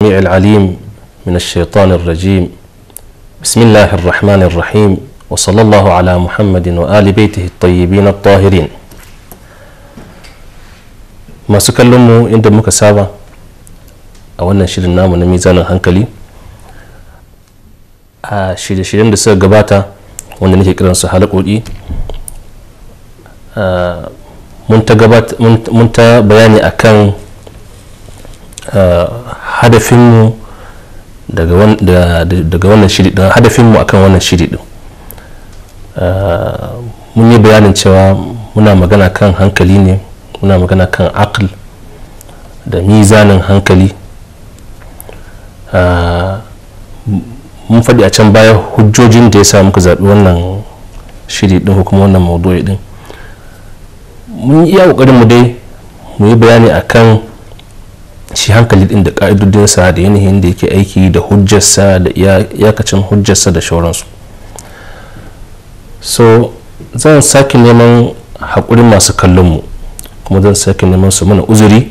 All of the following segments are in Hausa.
السميع العليم من الشيطان الرجيم بسم الله الرحمن الرحيم وصلى الله على محمد وآل بيته الطيبين الطاهرين ما سكلمو عند مكسابة أولا شيرين من نميزان الهنكلي آه، شير شيرين دسا قباتا وأن نجي كران سحالة قولي آه، منتا منت بياني أكان آه، hadafinmu daga wannan shiri din hadafinmu akan wannan shiri din ah, mun yi bayanin cewa muna magana kan hankali ne muna magana kan akil da mizanin hankali ah, mun faɗi a can baya hujjojin da ya sa muka zaɓi wannan shiri ɗin ko kuma wannan maudu'i ɗin mun yi iya ƙoƙarin mu dai mu yi bayani akan shi hankali din da ka'idodinsa da yanayin da yake aiki da hujjarsa da iyakacin hujjarsa da shauransu so zan sake neman haƙuri masu kallon mu kuma zan sake neman su mana uzuri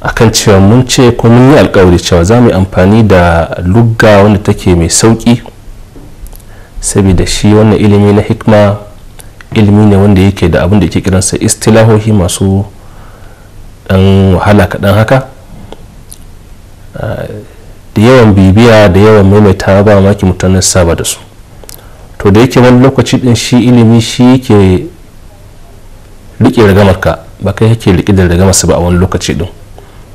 akan cewa mun ce ko mun yi alkawari cewa za mu yi amfani da lugga wanda take mai sauƙi saboda shi wannan ilimi na hikma ilimi ne wanda yake da abin da yake kiransa istilahohi masu dan wahala kaɗan haka ah, da yawan bibiya da yawan maimaita ba maki mutanen saba da su to da yake wani lokaci din shi ilimi shi yake riƙe ragamarka ba kai yake riƙe da ragamarsa ba a wani lokaci din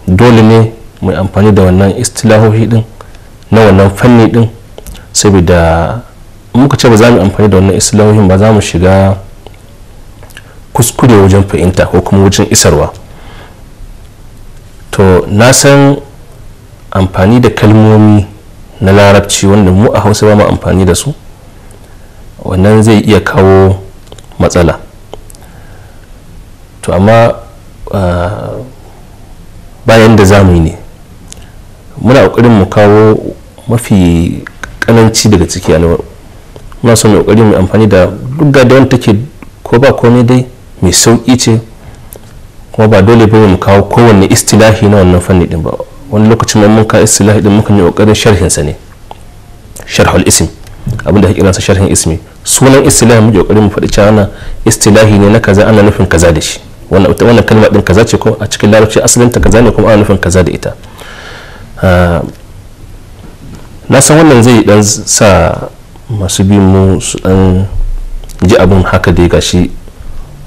dole ne mai amfani da wannan istilahohi din na wannan fanni din saboda muka ce ba za mu amfani da wannan istilahohin ba za mu shiga kuskure wajen fahimta ko kuma wajen isarwa to na san amfani da kalmomi na larabci wanda mu a hausa ba mu amfani da su wannan zai iya kawo matsala to amma ah, bayan da zamu ne muna ƙoƙarin mu kawo mafi ƙananci daga ciki muna son ƙoƙarin mu amfani da duk da take ko ba komai dai mai sauƙi ce kuma ba dole ba mu kawo kowanne istilahi na wannan fanni din ba wani lokacin nan mun ka istilahi din mukan yi kokarin sharhin sa ne sharhul ism abin da kiransa sharhin ismi sunan istilahi mu kokari mu faɗi cewa na istilahi ne na kaza ana nufin kaza da shi wannan wannan kalma din kaza ce ko a cikin larabci asalin ta kaza ne kuma ana nufin kaza da ita ah, na san wannan zai dan sa masu bin mu su dan ji abin haka dai gashi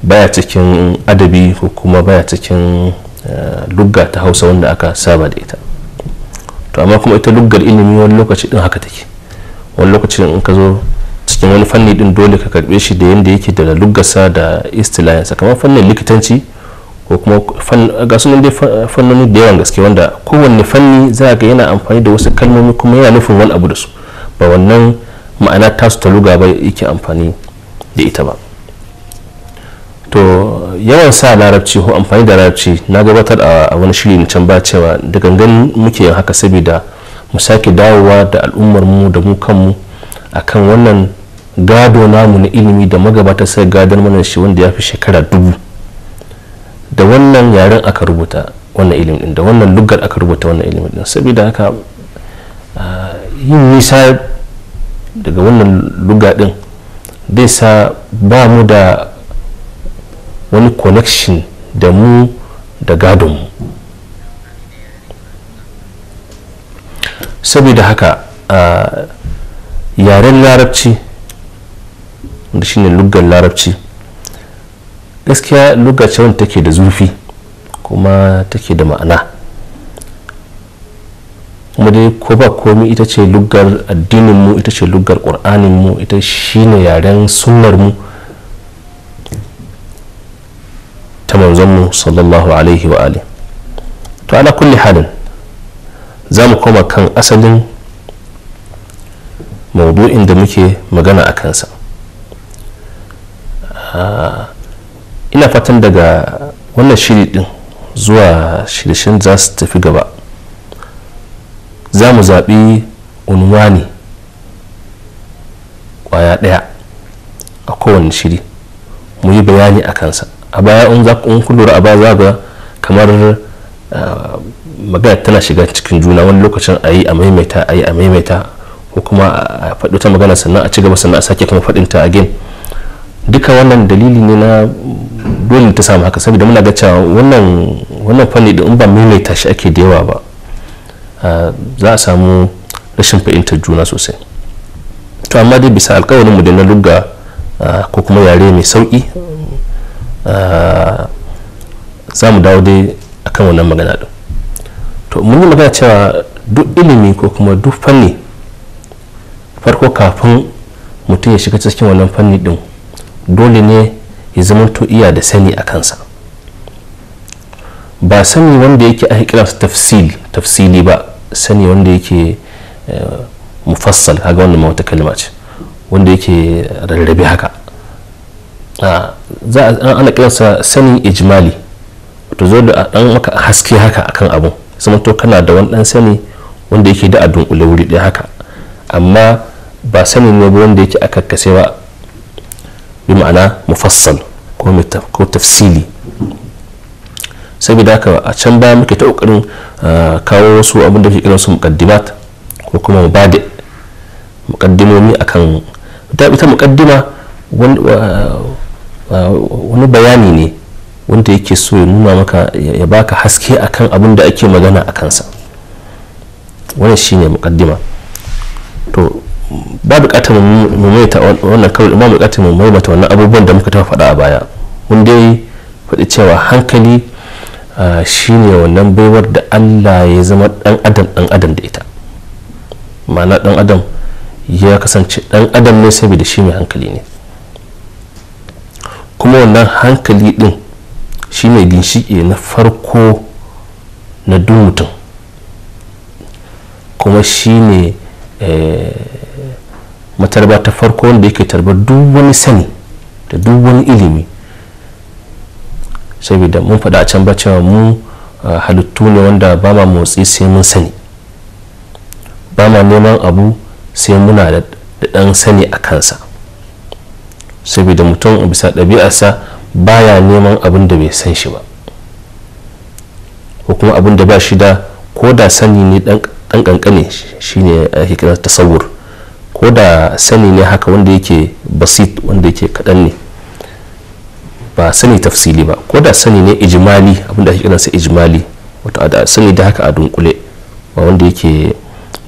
baya cikin adabi ko kuma baya cikin eh, lugga ta hausa wanda aka saba da ita to amma kuma ita luggar ilimi wani lokaci din haka take wani lokacin in ka zo cikin wani fanni din dole ka karbe shi da yadda yake da luggarsa da istilayensa kamar fannin likitanci ko kuma ga sunan dai fannoni da yawan gaske wanda kowanne fanni za ga yana amfani da wasu kalmomi kuma yana nufin wani abu da su ba wannan ma'ana tasu ta luga ba yake amfani da ita ba to yawan sa larabci ko amfani da larabci na gabatar a wani shiri na can ba cewa da gangan muke yin haka saboda mu sake dawowa da al'ummar mu da mu kanmu akan wannan gado namu na ilimi da magabata sai gadon mana shi wanda ya fi shekara dubu da wannan yaren aka rubuta wannan ilimin din da wannan lugar aka rubuta wannan ilimin din saboda haka yin nisa daga wannan luga din zai sa ba mu da wani connection da mu da gadon mu saboda haka a yaren larabci da shine lugar larabci gaskiya lugace wanda take da zurfi kuma take da ma'ana kuma dai ko ba komi ita ce lugar addininmu ita ce lugar ƙur'aninmu ita shine yaren sunnar mu ta manzonmu sallallahu alaihi wa ali to ala kulli halin za mu koma kan asalin maudu'in da muke magana a kansa ah, ina fatan daga wannan shiri din zuwa shirishin za su tafi gaba za mu zaɓi unwani kwaya ɗaya a kowane shiri mu yi bayani a kansa a baya in za ku lura a baya za ga kamar ah, magana tana shiga cikin juna wani lokacin a yi a maimaita a yi a maimaita ko kuma a faɗi ta magana sannan a ci gaba sannan a sake kuma faɗin ta again duka wannan dalili ne na dole ta samu haka saboda muna ga cewa wannan wannan fanni da in ba maimaita shi ake da yawa ba ah, za a samu rashin fahimtar juna sosai to amma dai bisa alkawarin mu da na lugga ah, ko kuma yare mai sauki Eh, za mu dawo dai kan wannan magana ɗin to mun yi magana cewa duk ilimi ko kuma duk fanni farko kafin mutum ya shiga cikin wannan fanni ɗin dole ne ya to iya da sani a kansa ba sani wanda yake ake su tafsil tafsili ba sani wanda yake eh, mufassal haga wannan mawata kalma ce wanda yake rarrabe haka za a ana kiransa sanin ijmali to zo da dan maka haske haka akan abu sama to kana da wani dan sani wanda yake da a dunkule wuri ɗaya haka amma ba sani ne ba wanda yake a kase ba bi ma'ana mufassal ko tafsili saboda haka a can baya muke ta kokarin kawo wasu abin da ke kiran su muqaddimat ko kuma mubadi muqaddimomi akan da ta muqaddima Uh, wani bayani ne wanda yake so ya nuna maka ya baka haske akan abin da ake magana a kansa wannan shine mukaddima to ba bukatar mu ta wannan kawai ba bukatar mu mata wannan abubuwan da muka taɓa faɗa a baya mun dai faɗi cewa hankali uh, shine wannan baiwar da Allah ya zama dan adam dan adam da ita ma'ana dan adam ya kasance dan adam ne saboda shi mai hankali ne kuma wannan hankali din shine ginshiki na farko na duk mutum kuma shine eh, matarba ta farko wanda yake tarbar duk wani sani da duk ilimi saboda mun faɗa a can ba cewa mu eh, halittu ne wanda ba ma motsi sai mun sani ba ma neman abu sai muna da ɗan sani a kansa saboda mutum a bisa ɗabi'arsa baya neman abin da bai san shi ba ko kuma abin da ba shi da ko da sani ne ɗan ƙanƙane shi ne ake kira tasawur ko da sani ne haka wanda yake basit wanda yake kaɗan ne ba sani tafsili ba ko da sani ne ijimali da ake kiransa ijimali wato da sani da haka a dunkule ba wanda yake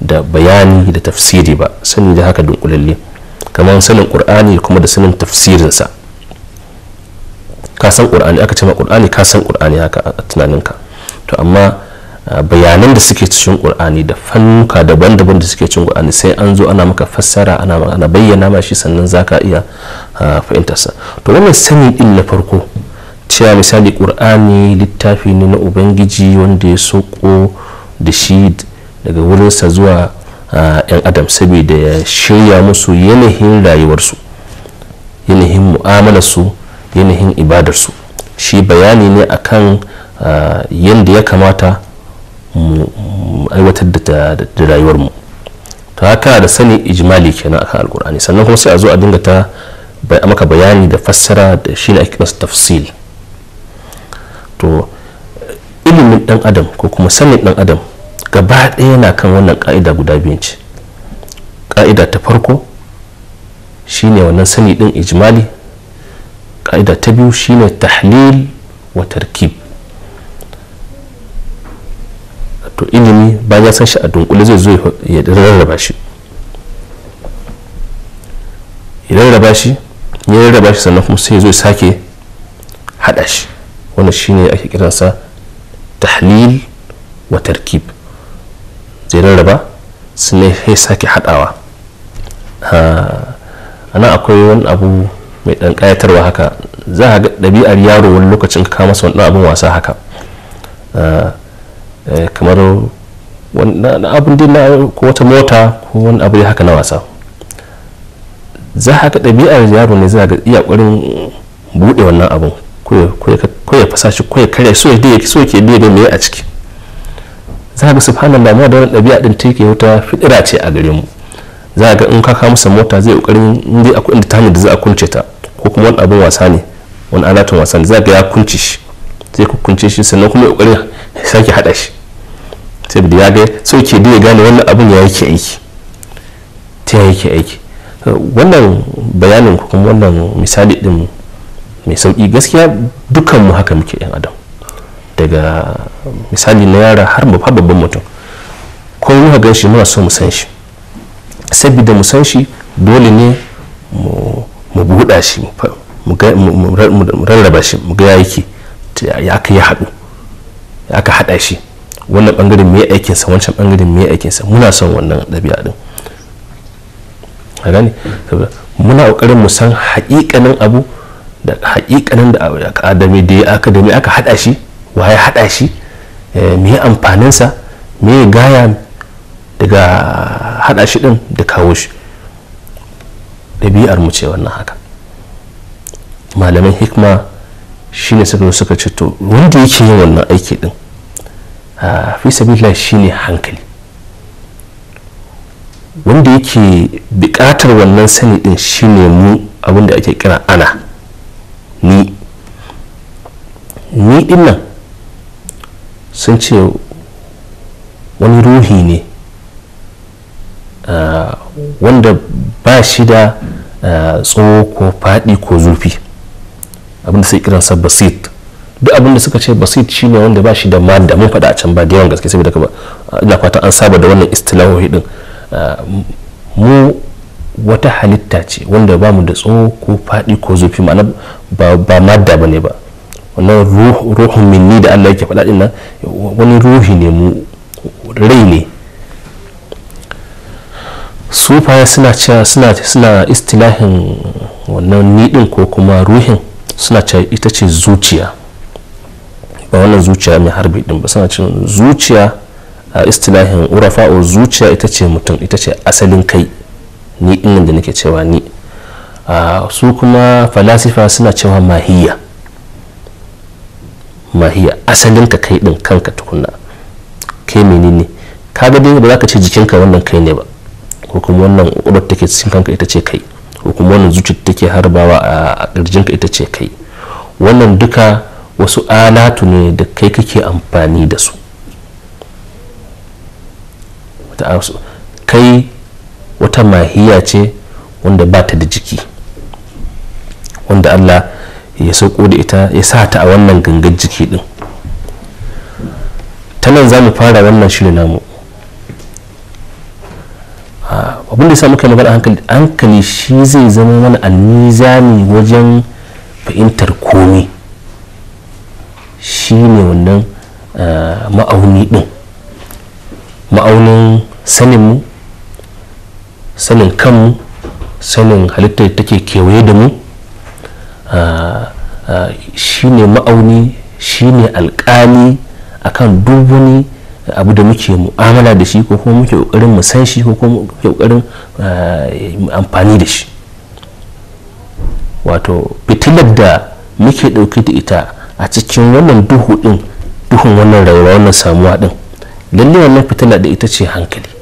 da bayani da tafsiri ba sani da haka dunkulalle kamar sanin qur'ani kuma da sanin tafsirinsa ka san qur'ani aka ce ma qur'ani ka san qur'ani haka a tunaninka to amma bayanan da suke cikin qur'ani da fannuka daban-daban da suke cikin qur'ani sai an zo ana maka fassara ana ana bayyana ma shi sannan zaka iya sa to wannan sani din na farko cewa misali qur'ani littafi ne na ubangiji wanda ya soko da shi daga wurinsa zuwa 'yan adam saboda ya shirya musu yanayin rayuwarsu yanayin mu'amalarsu yanayin ibadarsu shi bayani ne akan yadda ya kamata mu aiwatar da rayuwarmu ta haka da sani ijimali kenan akan alkur'ani sannan kuma sai a zo a dinga ta maka bayani da fassara da shi ne ake tafsil to ilimin dan adam ko kuma sanin dan adam gaba ɗaya na kan wannan ƙa'ida guda biyu ce ƙa'ida ta farko shine wannan sani ɗin ijimali ƙa'ida ta biyu shine tahlil wa tarkib to ilimi ba ya san shi a dunkule zai zo ya rarraba shi ya rarraba shi ya rarraba shi sannan kuma sai ya zo sake haɗa shi wannan shine ake kiransa tahlil wa tarkib zai rarraba su ne sai sake a ah, ana akwai wani abu mai dan kayatarwa haka za a ga ɗabi'ar yaro wani lokacin ka kama wani abin wasa haka ah, eh, kamar wani abin din ko wata mota ko wani abu haka na wasa za a ga ɗabi'ar yaro ne za a ga iya ƙwarin buɗe wannan abin ko ya fasa shi ko ya karya so ya ke biya da mai a ciki za ga subhanallah mu da wani ɗabi'a din take wuta fidira ce a gare mu za ga in ka kawo masa mota zai kokarin in dai akwai inda ta hanyar da za a kunce ta ko kuma wani abin wasa ne wani alatun wasa ne za ga ya kunce shi zai kunce shi sannan kuma ya kokarin sake hada shi sai da ya ga ke da ya gane wannan abin ya yake aiki ta ya yake aiki wannan bayanin ku kuma wannan misali din mai sauki gaskiya dukkanmu haka muke yan adam daga misali na yara har babban babban mutum ko muka gan shi muna so mu san shi saboda mu san shi dole ne mu buɗa shi mu rarraba shi mu ga ya yake ya aka ya haɗu ya aka haɗa shi wannan ɓangaren me aikinsa wancan ɓangaren me aikinsa muna son wannan ɗabi'a ɗin ne muna ƙoƙarin mu san haƙiƙanin abu da haƙiƙanin da akadami da ya aka da aka haɗa shi wa ya haɗa shi Eh, mai amfaninsa me gaya daga hada shi din da kawo shi ɗabi'ar mu ce wannan haka malamin hikma shine suka suka ce to wanda yake yin wannan aiki din fi sabila ne hankali wanda yake bukatar wannan sani din ne mu abinda ake kira ana ni ni din sun ce wani ruhi ne ah, wanda ba shi da ah, tsoho ko faɗi ko zurfi abinda sai kiransa basit duk abinda suka ce basit ne wanda ba shi da madda mun faɗa a can ba da yawan gaske saboda ka ina fatan an saba da wannan istilahohi din ah, mu wata halitta ce wanda ba mu da tsoho ko faɗi ko zurfi ma'ana ba madda ba ne ba wannan ruhun minni da Allah yake faɗa dinnan wani ruhi ne mu rai ne sufaya suna cewa suna suna istilahin wannan niɗin ko kuma ruhin suna cewa ita ce zuciya ba wannan zuciya mai harbi din ba suna cewa zuciya a istilahin urafa'o zuciya ita ce mutum ita ce asalin kai ni ɗin da nake cewa ni su kuma falasifa suna cewa mahiyya mahiya asalin ka kai din kanka tukunna kai menene ka dai ba za ka ce jikinka wannan kai ne ba ko kuma wannan ƙurar take cikin kanka ita ce kai ko kuma wannan zuciyar take harbawa a ƙirjinka ita ce kai wannan duka wasu alatu ne da kai kake amfani da su kai wata mahiya ce wanda ba ta da jiki wanda allah ya sauko da ita ya sa ta a wannan gangar jiki din ta nan za mu fara wannan shirin namu ah, abin da ya sa muka magana hankali hankali shi zai zama mana ne wajen fahimtar komi shi ne wannan ah, ma'auni din ma'aunin saninmu sanin kanmu sanin halittar da take kewaye da mu Ah, ah, shine ma'auni shine alkali akan duk wani abu da muke mu'amala da shi ko kuma muke kokarin mu san shi ko kuma muke kokarin ah, amfani da shi wato fitilar da muke dauke da ita a cikin wannan duhu din duhun wannan rayuwa wannan samuwa din lalle wannan fitila da ita ce hankali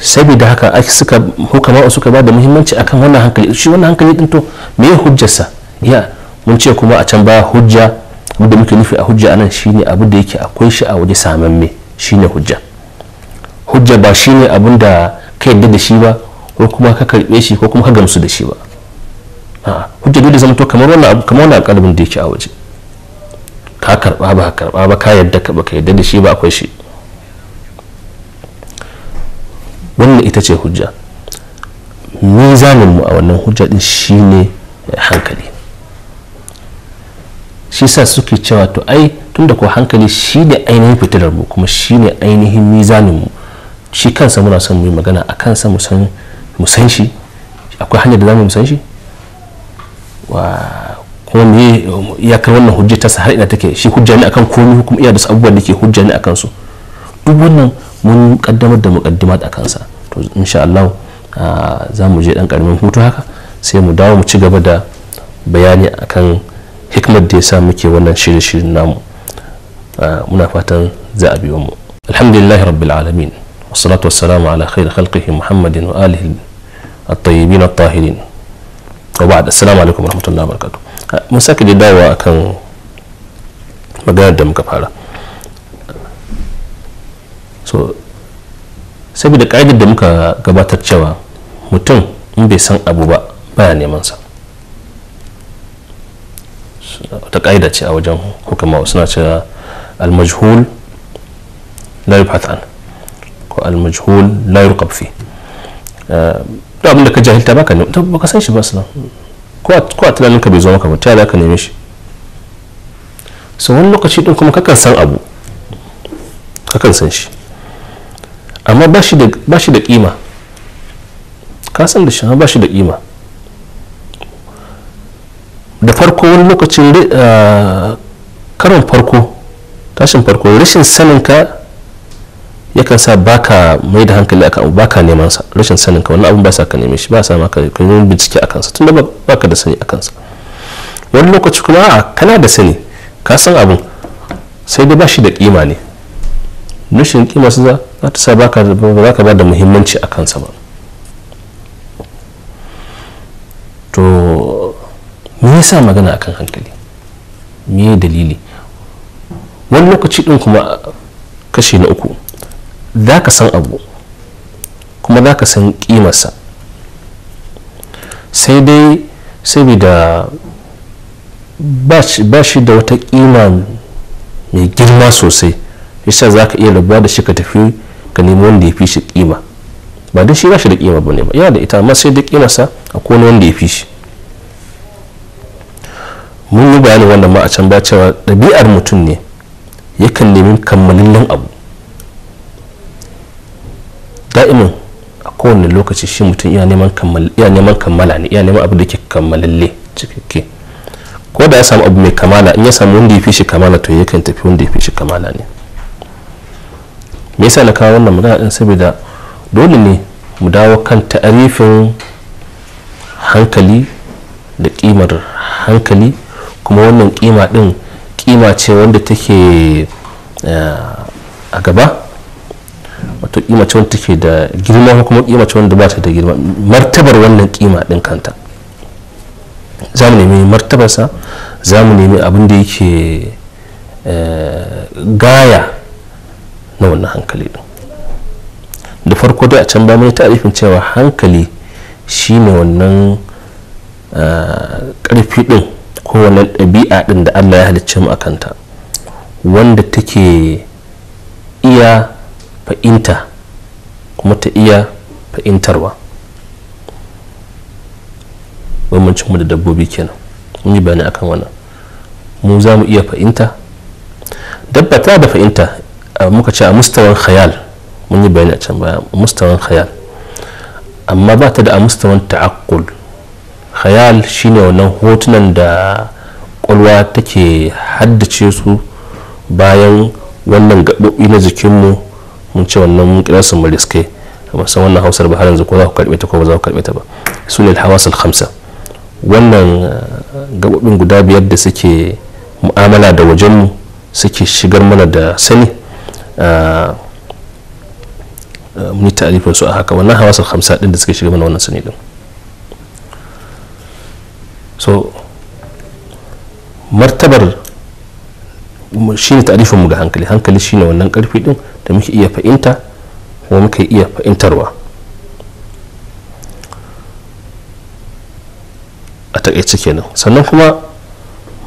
saboda haka ake suka hukama suka ba da muhimmanci akan wannan hankali shi wannan hankali din to me ya hujjarsa ya mun ce kuma a can ba hujja da muke nufi a hujja anan shine abu da yake akwai shi a waje saman me shine hujja hujja ba shine abin da ka yadda da shi ba ko kuma ka karbe shi ko kuma ka gamsu da shi ba a hujja dole zama to kamar wannan abu kamar wannan kalbin da yake a waje ka karba ba ka karba ba ka yadda ka ba ka yadda da shi ba akwai shi wannan ita ce hujja mizaninmu a wannan hujja din shine hankali shi sa suke cewa to ai tunda ko hankali shi ne ainihin fitilar mu kuma ne ainihin mizaninmu shi kansa muna son mu yi magana a kansa musan shi akwai hanyar da za mu san shi wa kuma me iyakar wannan hujja ta har ina take shi hujja ne akan komi kuma iya da abubuwan da ke hujja ne akan su duk wannan mun kaddamar da muqaddimat a kansa to insha Allah za mu je dan karamin hutu haka sai mu dawo mu ci gaba da bayani akan hikmar da sa muke wannan shirin shirin namu muna fatan za a biyo mu alhamdulillahi rabbil alamin والصلاة والسلام على خير خلقه محمد وآله الطيبين الطاهرين وبعد السلام عليكم ورحمة الله وبركاته mun sake da dawowa akan maganar da muka fara so saboda ka'idar da muka gabatar cewa mutum in bai san abu ba baya neman sa wata ka'ida ce a wajen hukumawa suna cewa almajhul la yubhathan ko almajhul la yurqab fi da eh, abin da ka jahilta baka ne baka san shi ba su ko a tunanin ka bai zo maka ba ta ka neme shi so wani lokaci din kuma kakan san abu kakan san shi amma ba shi da kima ka san da shi ba shi da kima da farko wani lokacin ah, karon farko tashin farko rashin saninka yakan sa baka mai da hankali akan abu baka neman sa rashin saninka wani abu ba sa ka neme shi ba sa maka ka yi bincike akan sa tunda baka da sani akan sa wani lokaci kuma a kana da sani ka san abun sai dai ba shi da kima ne rashin kima su za ta sa ba za ka ba da muhimmanci a kansa ba to me sa magana akan hankali me dalili wani lokaci din kuma kashi na uku za ka san abu kuma za ka san kimarsa sai dai saboda ba shi da wata kima mai girma sosai yasa za ka iya rabuwa da shi ka tafi ka nemi wanda ya fi shi kima ba dai shi ba shi da kima ba ne ba yana da ita amma sai da sa a kone wanda ya fi shi mun yi bayanin wannan ma a can ba cewa ɗabi'ar mutum ne yakan nemi kammalillen abu da'imin a kowane lokaci shi mutum iya neman kammala ne iya neman abu da ke kammalalle cikakke ko da ya samu abu mai kamala in ya samu wanda ya fi shi kamala to yakan tafi wanda ya fi shi kamala ne me yasa na kawo wannan magana din saboda dole ne mu dawo kan ta'arifin hankali da kimar hankali kuma wannan kima din kima ce wanda take eh, a gaba wato kima ce wanda take da girma kuma kima ce wanda ba ta da girma martabar wannan kima din kanta za mu nemi martabarsa za mu nemi abin da yake eh, gaya na wannan hankali din da farko dai a can ba mai tarifin cewa hankali shi ne wannan karfi ah, din ko wannan ɗabi'a din da allah ya halicce mu a kanta wanda take iya fa'inta kuma ta iya fa'intarwa bambancinmu da dabbobi kenan mun yi bayani akan wannan mu za mu iya fa'inta dabba ta da fa'inta Eh, muka ce a mustawan khayal mun yi bayani a can baya mustawan khayal amma ba ta da a mustawan ta'akkul khayal shine wannan hotunan da kwalwa take haddace su bayan wannan gaɓoɓi na jikinmu mun ce wannan mun kira su muriskai san wannan hausar ba har yanzu ko za ku karɓe ta ko ba za ku karɓe ta ba su ne alhawasul khamsa wannan eh, gaɓoɓin guda biyar da suke mu'amala da wajenmu suke shigar mana da sani Eh, muni tarifin su a haka wannan hawasar hamsa din da suka shiga mana wannan sani din so martabar shi ne tarifinmu ga hankali hankali shine wannan karfi din da muke iya fahimta kuma muke iya fahimtarwa a takaice kenan sannan kuma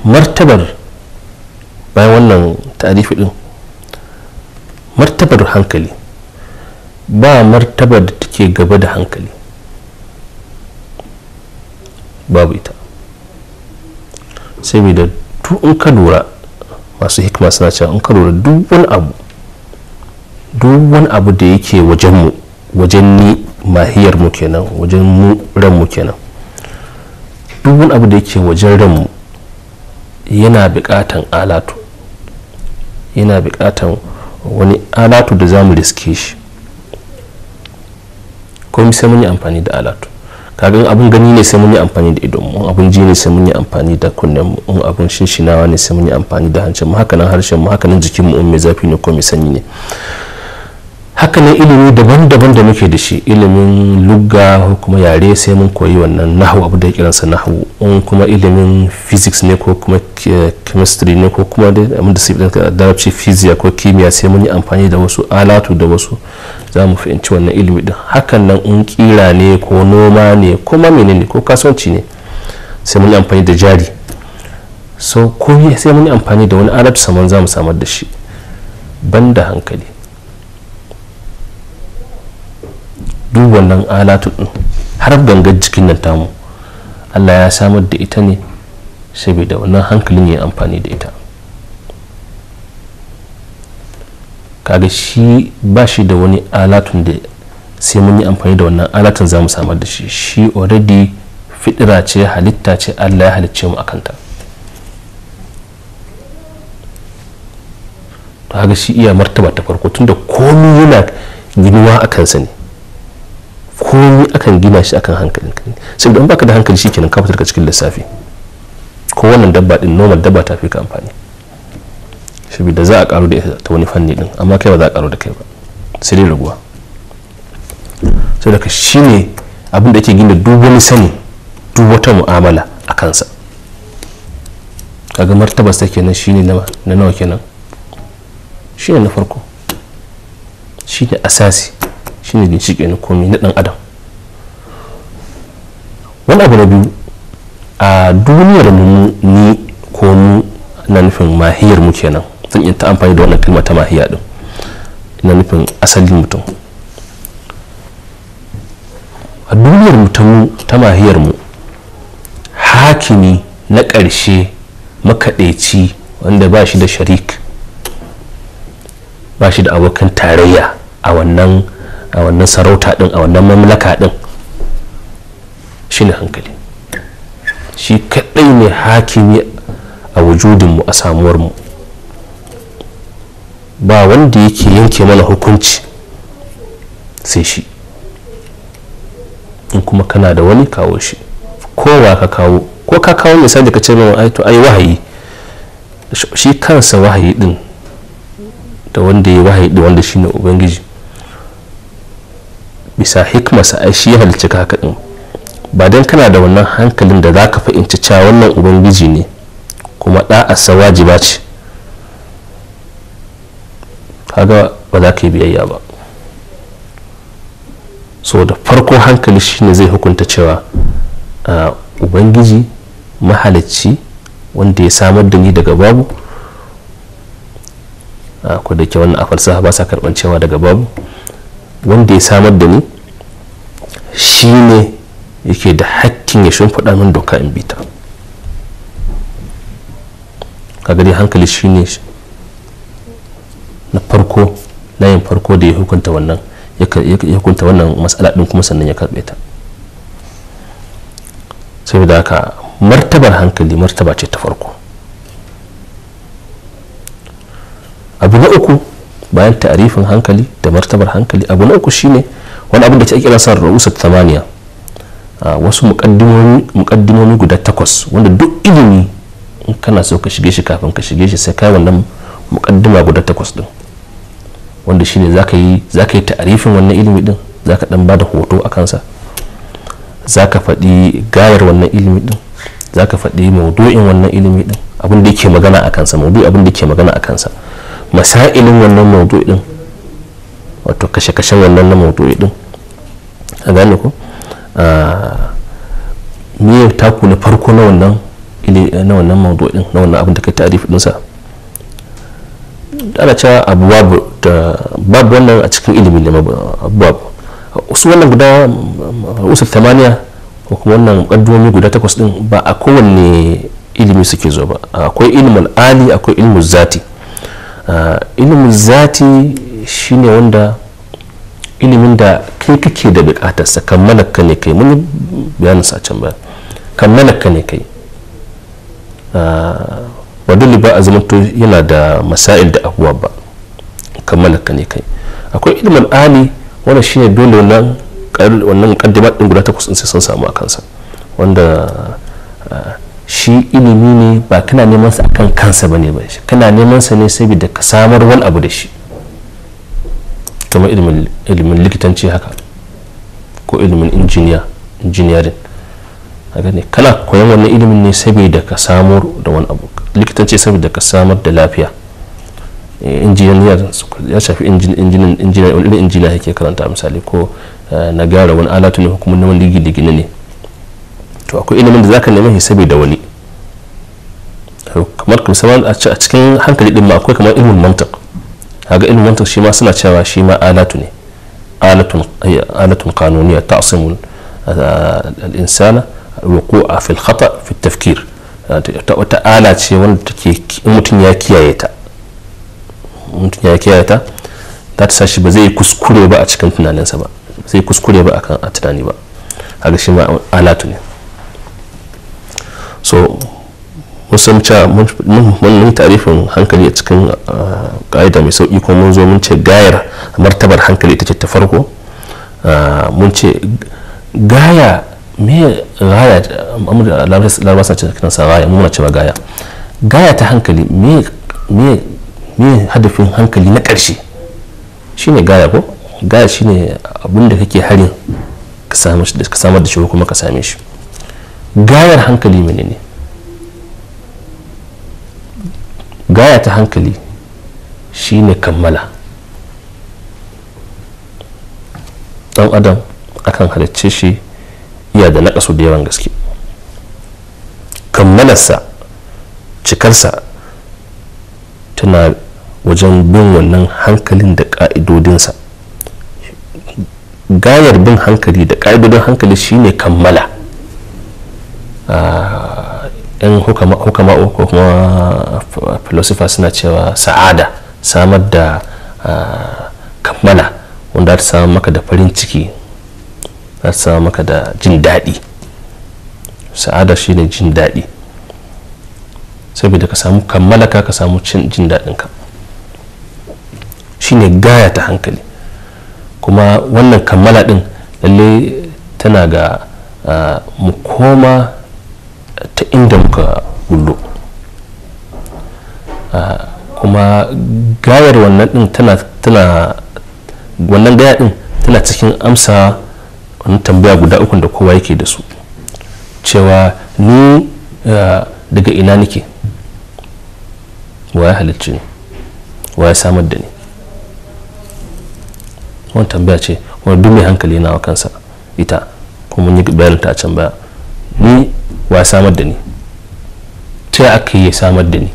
martabar bayan wannan tarifi din martabar hankali ba martabar da take gaba da hankali babu ita sai da duk in ka lura masu hikima suna cewa in ka lura duk wani abu duk wani abu da yake wajenmu wajen ni mahiyar mu kenan wajen mu ran mu kenan duk wani abu da yake wajen ranmu yana bukatan alatu yana bukatan wani alatu da zamu riske shi komai sai mun yi amfani da alatu kaga abin gani ne sai mun yi amfani da idon mu abin ji ne sai mun yi amfani da kunnen mu in abin shinshinawa ne sai mun yi amfani da hancin mu hakanan harshen mu hakanan jikin mu in mai zafi ne ko mai sanyi ne hakanan ilimi daban-daban da muke da shi ilimin lugga kuma yare sai mun koyi wannan nahu abu da ya kiransa nahu in kuma ilimin physics ne ko kuma chemistry ne ko kuma da abin darabci physics ko kimiyya sai mun yi amfani da wasu alatu da wasu za mu fahimci wannan ilimi din hakan nan in kira ne ko noma ne kuma ne ko kasuwanci ne sai mun yi amfani da jari so ko sai mun yi amfani da wani alatu saman za mu samar da shi banda hankali duk wannan alatu din har gangar jikin nan tamu allah ya samar da ita ne saboda wannan hankalin ya amfani da ita kaga shi ba shi da wani alatun da sai mun yi amfani da wannan alatun za mu samar da shi shi already fidira ce halitta ce allah ya halicce mu akanta to haka shi iya martaba ta farko tunda komi yana ginuwa a kansa ne komi akan gina shi akan hankalin ka ne sai don baka da hankali shi ka fitar ka cikin lissafi ko wannan dabba din normal dabba ta fi ka amfani da za a karo da ita ta wani fanni din amma kai ba za a karo da kai ba sai dai raguwa sai daga shine abin da yake gina duk wani sani duk wata mu'amala a kansa kaga martabas ta kenan shine na nawa kenan shine na farko shine asasi shine ginshiƙi na komai na ɗan adam wani abu na biyu a duniyar mu ni ko mu na nufin mahiyar mu kenan zan iya ta amfani da wannan kalma ta mahiya din na nufin asalin mutum a duniyar mu ta mu ta mahiyar mu hakimi na ƙarshe makaɗaici wanda ba shi da sharik ba shi da abokan tarayya a wannan a wannan sarauta din a wannan mamlaka din shine hankali shi kadai ne hakimi a wujudinmu a samuwarmu ba wanda yake yanke mana hukunci sai shi in kuma kana da wani kawo shi kowa ka kawo ko ka kawo mai sanda ka ce mai to ai wahayi shi kansa wahayi din da wanda ya wahayi da wanda shine ubangiji bisa hikmarsa ai shi halicci haka din ba dan kana da wannan hankalin da zaka fahimci cewa wannan ubangiji ne kuma sawaji wajiba ce kaga ba za ka yi biyayya ba so da farko hankali shine zai hukunta cewa ubangiji mahalicci wanda ya samar da ni daga babu ko da ke wannan a falsafa ba sa karban cewa daga babu wanda ya samar da ni shi ne yake da hakkin ya shimfiɗa min doka in bita ka gani hankali shi ne na farko layin farko da ya hukunta wannan ya hukunta wannan matsala ɗin kuma sannan ya karɓe ta saboda haka martabar hankali martaba ce ta farko abu na uku bayan ta'arifin hankali da martabar hankali abu na uku shine wani abin da ke kira san ta tamaniya wasu mukaddimomi guda takwas wanda duk ilimi in kana so ka shige shi kafin ka shige shi sai kai wannan mukaddima guda takwas din wanda shine zaka yi zaka yi ta'arifin wannan ilimi din zaka dan bada hoto a kansa zaka faɗi gayar wannan ilimi din zaka faɗi maudu'in wannan ilimi din abin da yake magana a kansa maudu'i abin da yake magana a kansa masailin wannan maudu'i din wato kashe-kashen wannan na maudu'i din a gane ko me ah, taku na farko na wannan na wannan na wannan abin da kai ta'arifi dinsa ana cewa abubuwa da babu wannan a cikin ilimi ne abubuwa su wannan guda usul tamaniya ko kuma wannan kaddomi guda takwas din ba a kowanne ilimi suke zo ba akwai ilimin ali akwai ilimin zati Eh, ilimin zati shine wanda ilimin da kai kake da bukatarsa manaka ne kai muni bayanin sa can kan manaka ne kai wadda eh, ba a zamanto yana da masail da abuwa ba kan manaka ne kai akwai ilimin ali wanda shine dole wannan wannan kaddimar din guda takwas sai sun samu a kansa wanda eh, shi ilimi ne ba kana neman sa akan kansa bane ba kana neman sa ne saboda ka samar wani abu da shi kamar ilimin likitanci haka ko ilimin injiniya engineering haka ne kana koyon wannan ilimin ne saboda ka samar da wani abu likitanci saboda ka samar da lafiya eh, injiniya ya shafi injiniya wani injiniya yake karanta misali ko eh, na gyara wani alatu ne ko kuma na ligi ne to akwai ilimin da zaka nemi hisabi da wani kamar musamman a cikin hankali din ma akwai kamar ilmin mantiq kaga ilmin mantiq shi ma suna cewa shi ma alatu ne alatun eh, alatun qanuniyya ta'simu eh, al-insana wuqu'a fil khata fi tafkir wata ala ce wanda take mutum ya kiyaye ta mutum ya kiyaye ta za ta sashi ba zai kuskure ba a cikin tunaninsa ba zai kuskure ba a tunani ba a ga shi ma alatu ne so wasu ca mun yi tarifin hankali a cikin ah, ƙa'ida mai sauƙi ko mun zo mun ce gayar martabar hankali ta ce ta farko ah, mun ce gaya me gaya larabar ce cikin sa gaya muna cewa gaya gaya ta hankali me hadafin hankali na ƙarshe shine gaya ko gaya shine abinda kake harin ka samar da shi kuma ka same shi gayar hankali mene ne gaya ta hankali shine kammala dan adam akan halicce shi iya da naƙasu da yawan gaske kammalarsa cikarsa tana wajen bin wannan hankalin da ƙa'idodinsa gayar bin hankali da ƙa'idodin hankali shine kammala Ah, yan hukama'u ko kuma filosofa suna cewa sa'ada samar da ah, kammala wanda ta samu maka da farin ciki za ta samu maka da jin daɗi sa'ada shine jin daɗi saboda ka samu kammala ka ka samu jin daɗinka shine gaya ta hankali kuma wannan kammala ɗin lalle tana ga ah, mu koma inda muka bullo ah, kuma gayar wannan din tana tana wannan gaya din tana cikin amsa wani tambaya guda uku da kowa yake da su cewa ni ah, daga ina nake wa ya halicci ni wa ya samar da ni wani tambaya ce wani dumi mai hankali na kansa ita kuma mun yi bayanin a can baya ni wa samar da ni ta aka yi samar da ni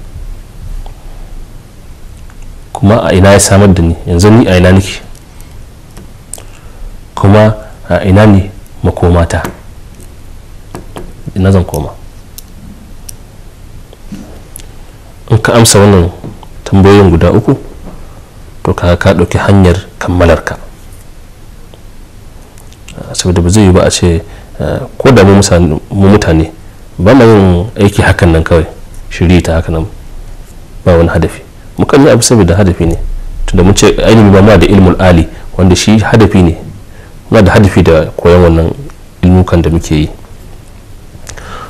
kuma a ina ya samar da ni yanzu ni a ina nake kuma a ina ne makomata ina zan koma in ka amsa wannan tambayoyin guda uku to ka ka ɗauki hanyar kammalarka saboda ba zai yi ba a ce eh, ko da mu mutane ba mu yin aiki hakan nan kawai shiri ta hakan nan ba wani hadafi mukan yi abu saboda hadafi ne tunda mun ce ainihin ba ma da ilmul ali wanda shi hadafi ne muna da hadafi da koyon wannan ilmukan da muke yi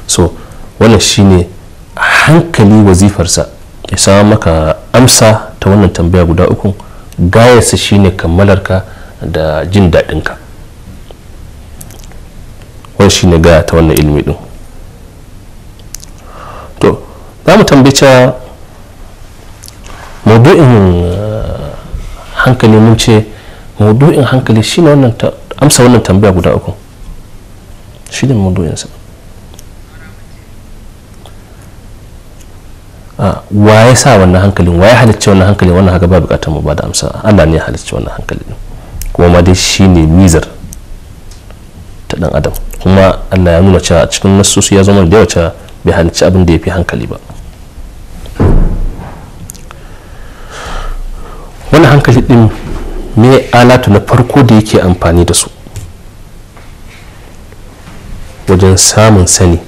so wannan shine hankali wazifarsa ya sama maka amsa ta wannan tambaya guda uku gayarsa shine kammalarka da jin daɗinka wannan shine gaya ta wannan ilimi ɗin za mu tambace maudu'in eh, hankali mun ce maudu'in hankali shi ne wannan amsa wannan tambaya guda uku shi ne maudu'insa ah, wa ya sa wannan hankalin wa ya halicci wannan hankalin wannan haka ba bukatar mu ba da amsa Allah ne ya halicci wannan hankalin kuma ma dai shi ne mizar ta dan adam kuma Allah ya nuna cewa a cikin nasusu ya zama da yawa cewa bai halicci abin da ya fi hankali ba wani hankali din me alatu na farko da yake amfani da su wajen samun sani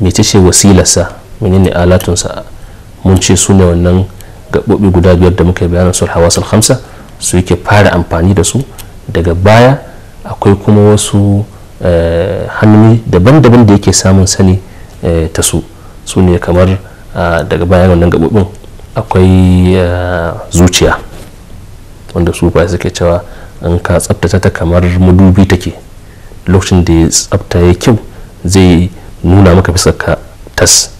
mece ce wasilarsa menene alatunsa mun ce su ne wannan gaɓoɓi guda biyar da muka bayanin sul hawasul hamsa su yake fara amfani da su daga baya akwai kuma wasu eh, hannu daban-daban da yake samun sani eh, ta su su ne kamar daga bayan wannan gabobin akwai zuciya wanda su fa suke cewa in ka tsabtace ta kamar madubi take lokacin da ya tsabta ya kyau zai nuna maka bisa ka tas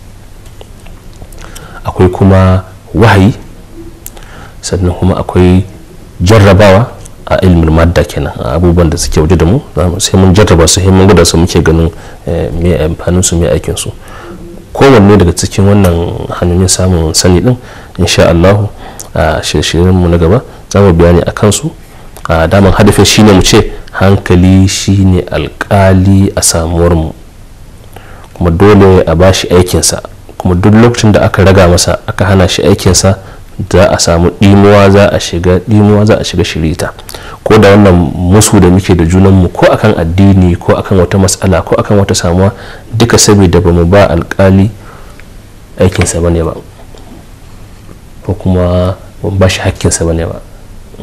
akwai kuma wahayi sannan kuma akwai jarrabawa a ilmin madda kenan a abubuwan da suke waje da mu sai mun jarraba su sai mun gada su muke ganin eh, mai amfanin su me aikin su kowanne daga cikin wannan hanyoyin samun sani din insha allahu a shirye mu na gaba za mu bayani a kansu a daman hadafin shine mu ce hankali shine alkali a samuwar mu kuma dole a bashi aikinsa kuma duk lokacin da aka raga masa aka hana shi aikinsa za a samu ɗimuwa za a shiga ɗimuwa za a shiga shirita ko da wannan musu da muke da junanmu ko akan addini ko akan wata matsala ko akan wata samuwa duka saboda ba mu ba alkali aikinsa ba ne ba ko kuma ba shi hakkinsa ba ne ba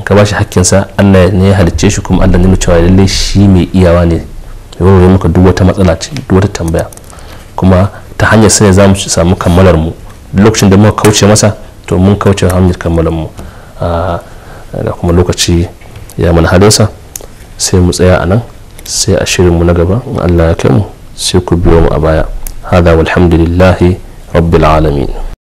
ka ba shi hakkinsa allah ne ya halicce shi kuma allah ne mu cewa lallai shi mai iyawa ne ya warware muka duk wata matsala duk wata tambaya kuma ta hanyar sai za mu samu kammalar mu lokacin da muka kauce masa to mun kauce hamid kammalin mu da kuma lokaci ya mana halinsa sai mu tsaya a nan sai a shirin mu na gaba in allah ya kai mu sai ku biyo mu a baya hada walhamdulillahi rabbil alamin